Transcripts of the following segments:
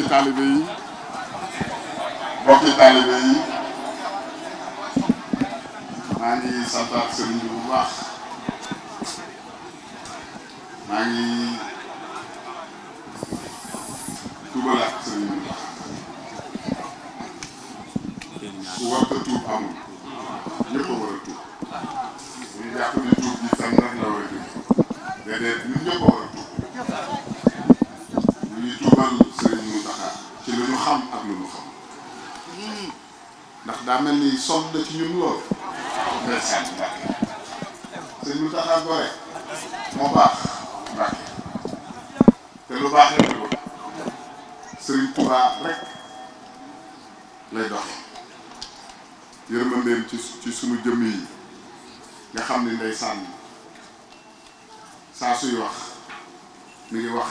bokki taalibe yi bokki taalibe yi maa ngi santaat sëriñ bu baax ndax daa mel ni sonn na ci ñun lool. merci Mbacke. sëñ bi tax a gore moo baax Mbacke te lu baax la ko rek lay doxe yërmandeem ci ci sunu jëmm yi nga xam ni ndey sànni saa suy wax mi ngi wax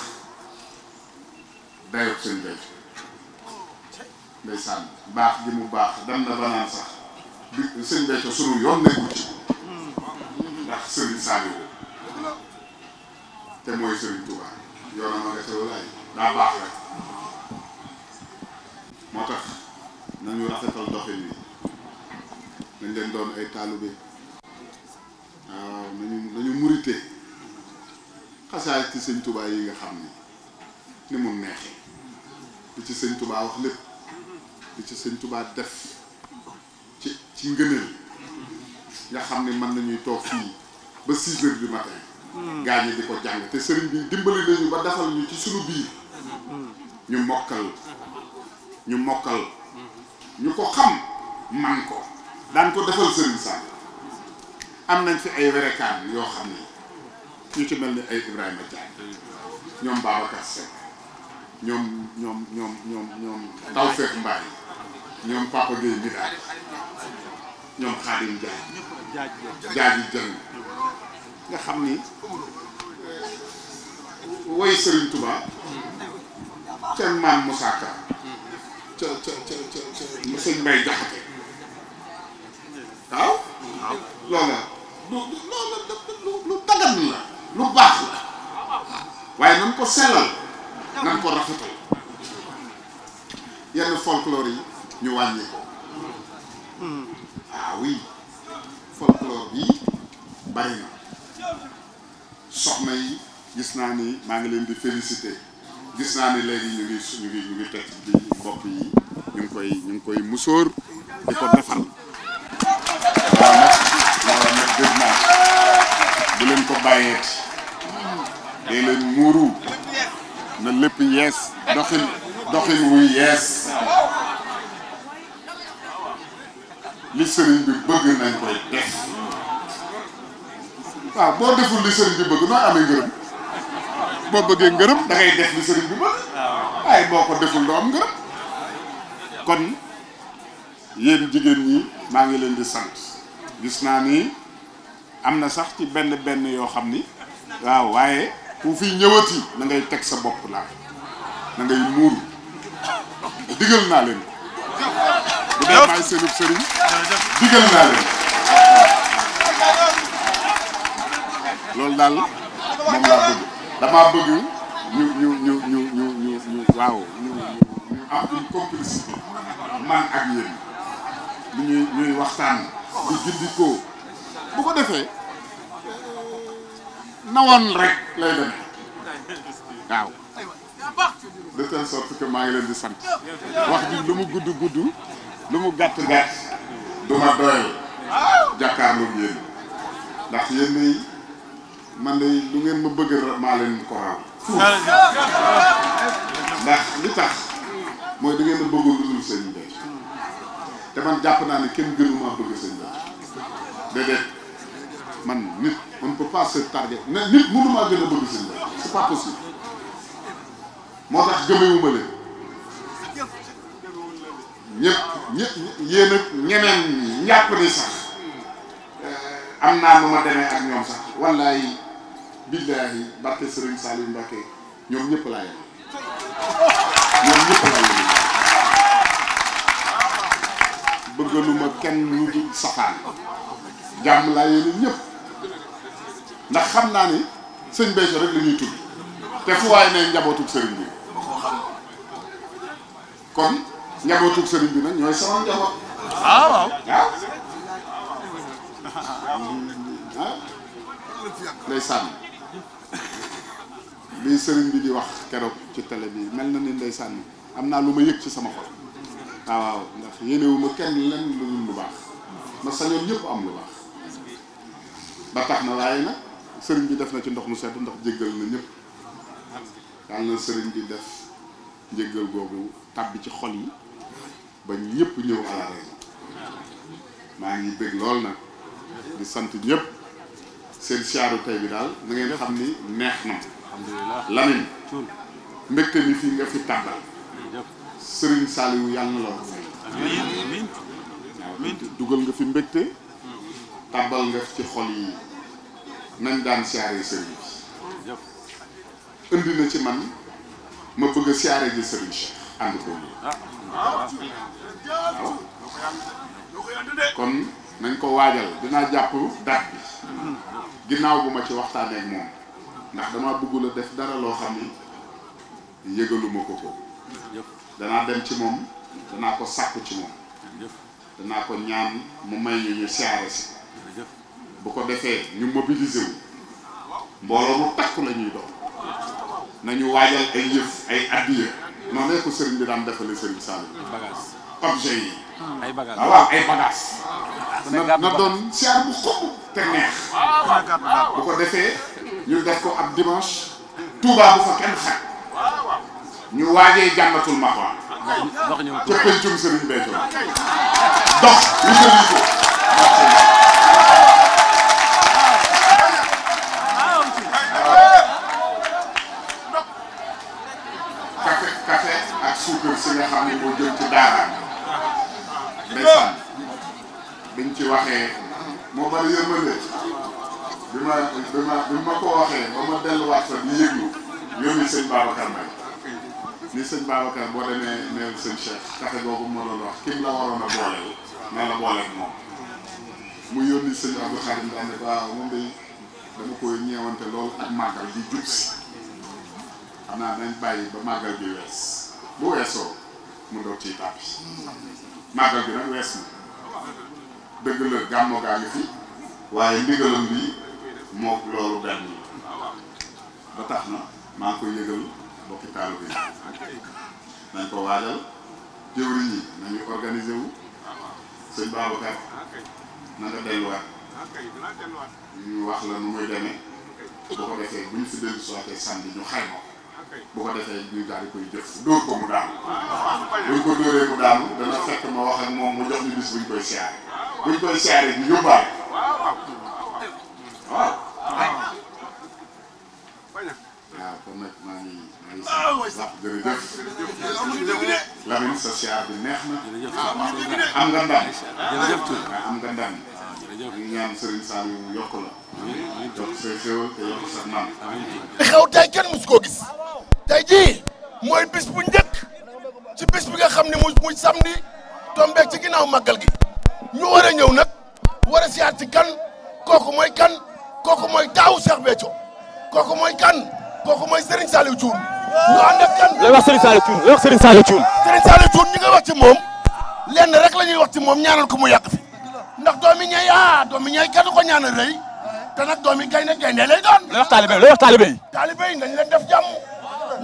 dayob seen day ndeysaan baax bi mu baax dem na banaan sax bi sëñ Béthio sunu yoon nekkul ci ndax sëriñ Saliou te mooy sëriñ Touba yoonam a nga ca walaay daa baax rek moo tax nañu rafetal doxin yi nañ leen doon ay taalibe waaw nañu nañu murite xasaay ci sëñ Touba yi nga xam ni ni mu neexee li ci sëñ Touba wax lépp ci seen Tuubaa def ci ci ngëneel nga xam ne mën nañuy toog fii ba six heures du matin hmm. gaa ñi di ko jàng te sëriñ bi dimbali nañu ba defal ñu ci suñu biir hmm. ñu mokkal ñu mokkal ñu ko xam man ko daan ko defal sëriñ Sall am nañ fi ay werekaan yoo xam ne ñu ci mel ni ay Ibrahima Diagne ñoom Babacar Seck ñoom ñoom ñoom ñoom ñoom Tawfekh Mbaye ñoom Papa Gueye Midaal ñoom Xaadim Jaaj Jaaji Jën nga xam ni woy Serigne Touba ca maam Moussa Ka ca ca ca Jaxate waaw loola lu loola lu dagan la lu baax la waaye nan ko sellal nan ko rafetal yenn folklore yi ñu wàññi hmm. ah folklore bi bari soxna yi gis naa ni maa ngi leen di félicité gis naa ni léegi ñu ngi ñu ngi ñu ngi teg di mbokk yi ñu ngi koy musóor di ko defal waaw nag waaw nag dégg naa bu leen ko bàyyeet day leen muuru na lépp yees doxin doxin wuy yees li sëriñ bi bëgg nañ koy def waaw boo deful li sëriñ bi bëgg nooy amee ngërëm boo bëggee ngërëm da ngay def li sëriñ bi bëgg waaye boo ko deful doo am ngërëm kon yéen jigéen ñi maa ngi leen di sant gis naa ni am na sax ci benn benn yoo xam ni waaw waaye ku fi ñëwati na ngay teg sa bopp laa na ngay muur digal naa leen bu dee maay seenub sëriñ digal naa leen loolu daal moom laa bëgg damaa bëgg ñu ñu ñu ñu ñu ñu ñu waaw ñu ñu am complicité man ak yéen ñu ñuy ñuy waxtaan di gindikoo bu ko defee nawoon rek lay dem waaw de telle sorte que maa ngi leen di sant wax ji lu mu gudd gudd lu mu gàtt gàtt du ma doyal jàkkaarloog yéen ndax yéen day man day lu ngeen ma bëgg maa leen ko raw ndax li tax mooy da ngeen a bëggul lu te man jàpp naa ne kenn gënu bëgg sëñ bi déedéet man nit on ne peut pas se targuer nit mënu maa gën a bëgg sëñ bi c'est pas possible moo tax gëmewuma leen ñëpp ñëpp yéen ak ni sax eh, am naa nu ma demee ak ñoom sax wallaay billaahi barke sëriñ Saliou Mbacké ñoom ñëpp laa yem ñoom ñëpp laa yem bëggaluma kenn lu dul safaan jàmm laa yéene ñëpp ndax xam naa ni sëñ Béthio rek la ñuy tudd te fu waay ne njabootu sëriñ bi kon njabootu sëriñ bi nag ñooy sama njaboot. ah waaw ah. sëriñ bi di wax keroog ci télé bi mel na ni ndeysaan am naa lu ma yëg ci sama xol. waaw ah, waaw ndax yéenewu ma kenn lenn lu lu baax ma sañoon ñëpp am lu baax ba tax na waaye nag sëriñ bi def na ci ndox mu sedd ndax jéggal na ñëpp yàlla na sëriñ bi def. njëggal googu tàbbi ci xol yi ba ñëpp ñëw alaare maa ngi bëgg lool na di sant ñëpp seen siyaaru tey bi daal na ngeen xam ni neex na Lamine mbégte mi fii nga fi tàbbal Serigne Saliou yàlla na la ko dugal nga fi mbégte tàbbal nga ci xol yi nañ daan siyaare sëriñ bi indi na ci man ma bëgg a siyaare ji Serigne Cheikh ànd ko waaw ah. kon nañ ko waajal dinaa jàpp date bi ginnaaw bu ma ci waxtaanee ak moom ndax damaa bëggul a def dara loo xam ni yëgaluma ko ko danaa dem ci moom danaa ko sàkku ci moom danaa ko ñaan mu may ñu ñu siyaare si bu ko defee ñu mobiliser wu mbooloo mu takku la ñuy doon nañu waajal ay yëf ay addiya noonu la ko sëriñ bi daan defalee sëriñ Saliou objet yi ay bagages ah, ah, waaw ay bagages ah, na na doon siyaar bu xob te neex bu ko defee ñu def ko ab dimanche Touba bu fa kenn xat ñu waaja jàngatul maxwaa ca pencum sëriñ Béthio dox lu sëriñ ko si nga xam ne moo jëm ci daara ndeysaan biñ ci waxee moo bari yërmande bi ma bi ma bi ma ko waxee ba ma delluwaat sax di yëglu yónni sëñ Babacar nag ni sëñ Babacar boo demee neel sëñ Cheikh taxe boobu ma doon wax kim la waroon a booleel na la booleeg moom mu yónni sëñ Abdou Khadim daal ne waaw ah, moom day dama koy ñeewante loolu ak màggal di jub xam naa dañ bàyyi ba màggal bi wees bu weesoo mu doog ciy tàbbi màggal bi nag wees na dëgg la gàmmo gaa waaye ndigalam bi mook loolu benn ba tax na maa ngi koy yëgal bokki taalibe bi nañ ko waajal jëwriñ yi nañu organiser wu sëñ Babacar na nga delluwaat ñu wax la nu muy demee boo ko defee bu ñu fi dellu soo koy sànni ñu xayma boo ko defee ñu daal koy jëf dóor ko mu daanu buñ ko dóoree fekk ma wax ak moom mu jox ñu bis buñ koy siyaare buñ koy siyaare ñu yóbbaale waaw waaw kon nag maa ngi neex na am nga ndam am nga ndam ñu ñaan yokk la xew tey kenn mus koo gis tey jii mooy bis bu njëkk ci bis bi nga xam ne muy muy samedi tombé ci ginnaaw màggal gi ñu war a ñëw nag war a siyaat ci kan kooku mooy kan kooku mooy taawu Cheikh Béthio kooku mooy kan kooku mooy Serigne Saliou Thioune ñu ànd ak kan. lay wax Serigne Saliou Thioune lay wax Serigne Saliou Thioune. Serigne Saliou Thioune nga wax ci moom lenn rek la ñuy wax ci moom ñaanal ko mu yàq fi ndax i ñay ah doomi ñay kenn ko ñaanal rëy. te nag doomi gaynde gaynde lay doon. lay wax taalibe lay wax taalibe yi. taalibe yi nañ leen def jàmm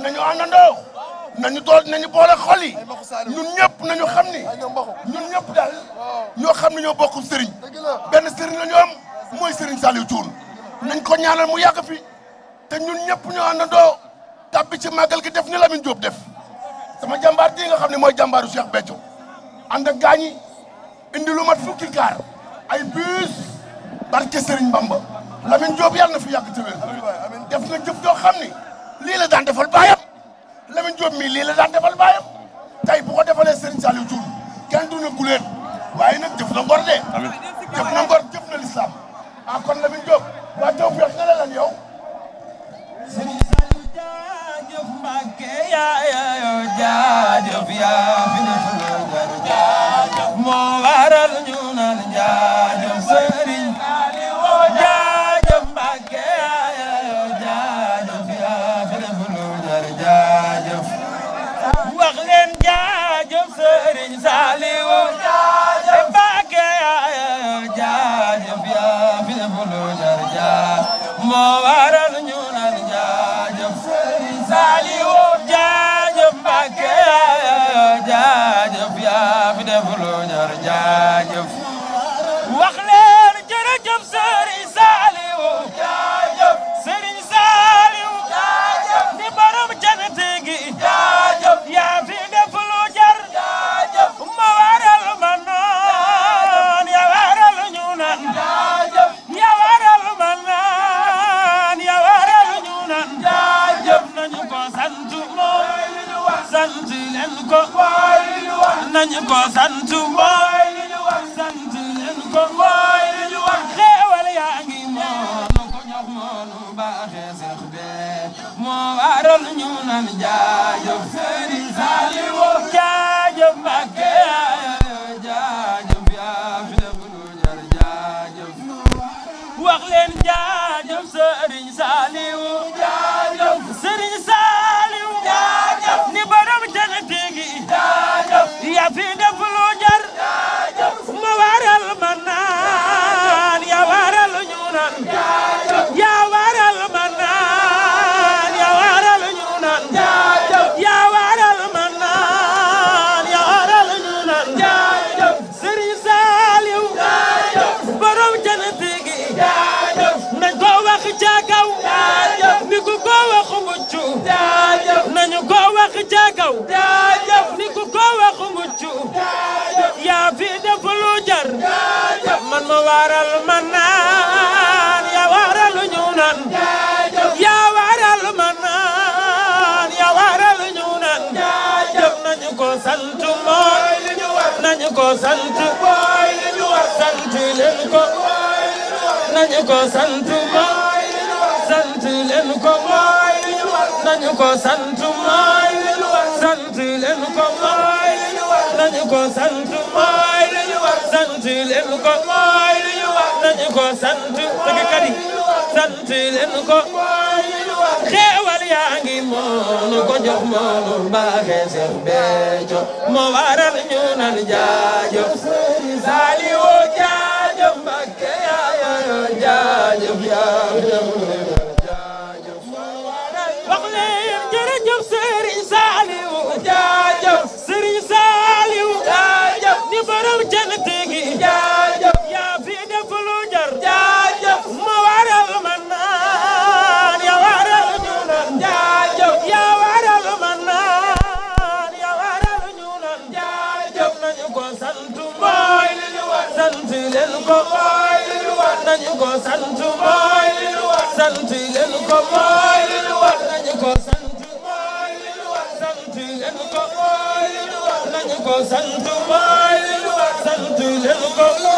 nañu àndandoo nañu tool nañu boole xol yi ñun ñëpp nañu xam ni ñun ñëpp daal ñoo xam ne ñoo bokk sëriñ benn sëriñ la ñu am mooy sëriñ Saliou Thioune nañ ko ñaanal mu yàgg fi te ñun ñëpp ñoo àndandoo tàbbi ci màggal gi def ni Lamine Diop def sama jàmbaar bii nga xam ne mooy jàmbaaru Cheikh Béthio ànd ak gaañi indi lu mat fukki kaar ay bus barke Sëriñ Bamba Lamine Diop yàlla na fi yàgg tëwéer def na jëf joo xam ni lii la daan defal baayam Lamine Diop mii lii la daan defal baayam tey bu ko defalee Serigne Saliou Thioune kenn du na guleen waaye nag jëf na ngor de jëf na ngor jëf na lislaam ah kon Lamine Diop waa taw feex nga la lan yow Serigne Saliou booba nañ ko naan yaa waral ma naan yaa waral ñu naan jëf nañu ko sant mooy li ñu war nañu ko sant mooy li ñu war sant leen ko nañu ko sant mooy li ñu war sant leen ko mooy li ñu war nañu ko sant mooy li ñu war sant leen ko mooy li ñu war nañu ko sant mooy li ñu war sant leen ko mooy li ñu war nañu ko sant tëggkat yi sant leen ko xéewal yaa ngi moonu ko jox moonu mbaaxe Seex Béthio moo waral ñu nan jaajëf Saaliwu jaajëf Mbakke yaa yor jaajëf yaa sant leen ko mooy li ñu war nañu ko sant mooy li ñu war sant leen ko mooy li ñu war nañu ko sant mooy li ñu war sant leen ko